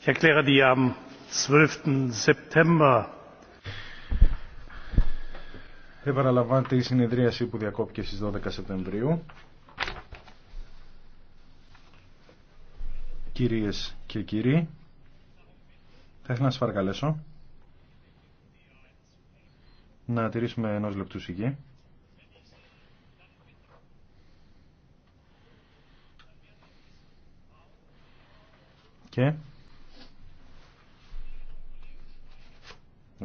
ich erkläre die am. 12. September. Επαναλαμβάνεται η συνεδρίαση που διακόπηκε στις 12 Σεπτεμβρίου. Κυρίες και κύριοι, θα ήθελα να σας παρακαλέσω να τηρήσουμε ενός λεπτού σιγή. Και...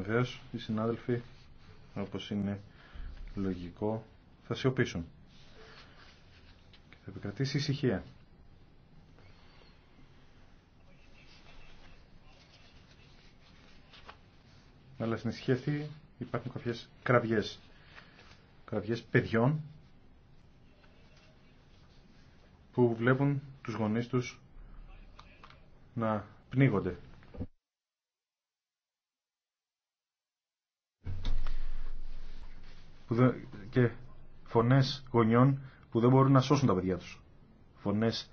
βεβαίως οι συνάδελφοι όπως είναι λογικό θα σιωπήσουν και θα επικρατήσει ησυχία. Αλλά στην ησυχία αυτή υπάρχουν κάποιες κραυγές. Κραυγές παιδιών που βλέπουν τους γονείς τους να πνίγονται. και φωνές γονιών που δεν μπορούν να σώσουν τα παιδιά τους. Φωνές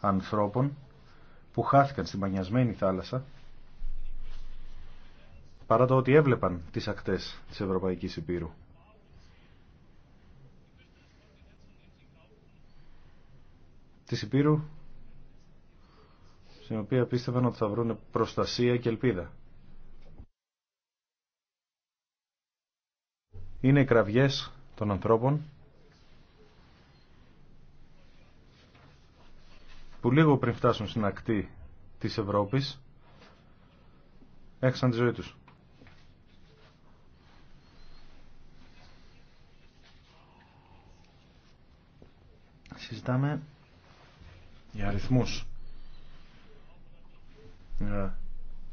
ανθρώπων που χάθηκαν στη μανιασμένη θάλασσα παρά το ότι έβλεπαν τις ακτές της Ευρωπαϊκής Υπήρου. Της Υπήρου στην οποία πίστευαν ότι θα βρουν προστασία και ελπίδα. είναι οι κραυγές των ανθρώπων που λίγο πριν φτάσουν στην ακτή της Ευρώπης έχασαν τη ζωή τους. Συζητάμε για αριθμούς. Ε,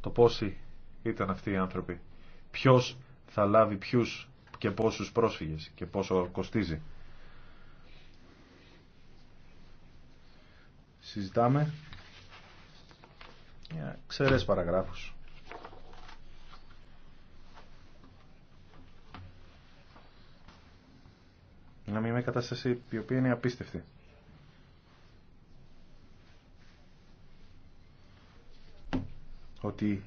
το πόσοι ήταν αυτοί οι άνθρωποι. Ποιος θα λάβει ποιους και πόσους πρόσφυγες και πόσο κοστίζει. Συζητάμε για ξερές παραγράφους. Να μην είμαι κατάσταση η οποία είναι απίστευτη. Ότι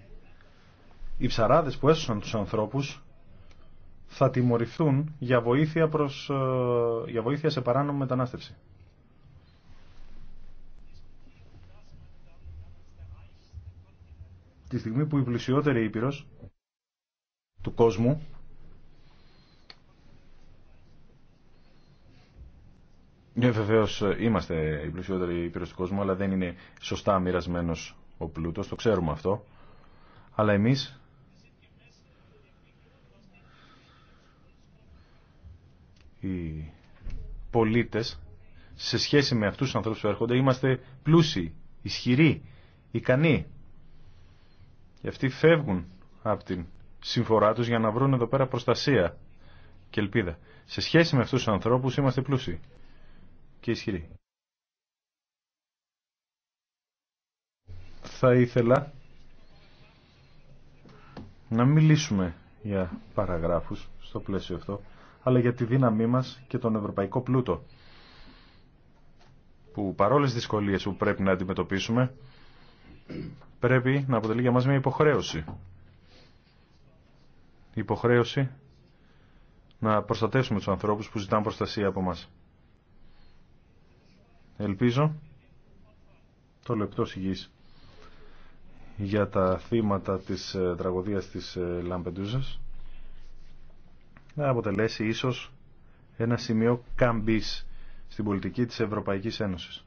οι ψαράδες που έσωσαν τους ανθρώπους θα τιμωρηθούν για βοήθεια, προς, ε, για βοήθεια σε παράνομη μετανάστευση. Τη στιγμή που η πλουσιότερη Ήπειρος του κόσμου Ναι, ε, βεβαίω είμαστε οι πλουσιότεροι ήπειρο του κόσμου, αλλά δεν είναι σωστά μοιρασμένο ο πλούτο, το ξέρουμε αυτό. Αλλά εμεί πολίτες σε σχέση με αυτούς τους ανθρώπους που έρχονται είμαστε πλούσιοι, ισχυροί, ικανοί. Και αυτοί φεύγουν από την συμφορά τους για να βρουν εδώ πέρα προστασία και ελπίδα. Σε σχέση με αυτούς τους ανθρώπους είμαστε πλούσιοι και ισχυροί. Θα ήθελα να μιλήσουμε για παραγράφους στο πλαίσιο αυτό αλλά για τη δύναμή μας και τον ευρωπαϊκό πλούτο. Που παρόλες δυσκολίες που πρέπει να αντιμετωπίσουμε, πρέπει να αποτελεί για μας μια υποχρέωση. Υποχρέωση να προστατεύσουμε τους ανθρώπους που ζητάν προστασία από μας. Ελπίζω το λεπτό υγιής για τα θύματα της ε, τραγωδίας της ε, Λαμπεντούζας θα αποτελέσει ίσως ένα σημείο καμπής στην πολιτική της Ευρωπαϊκής Ένωσης.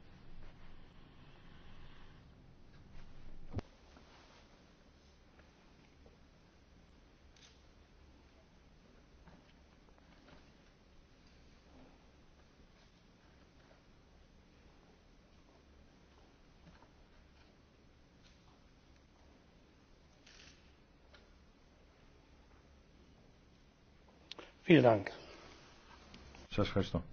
Σας ευχαριστώ.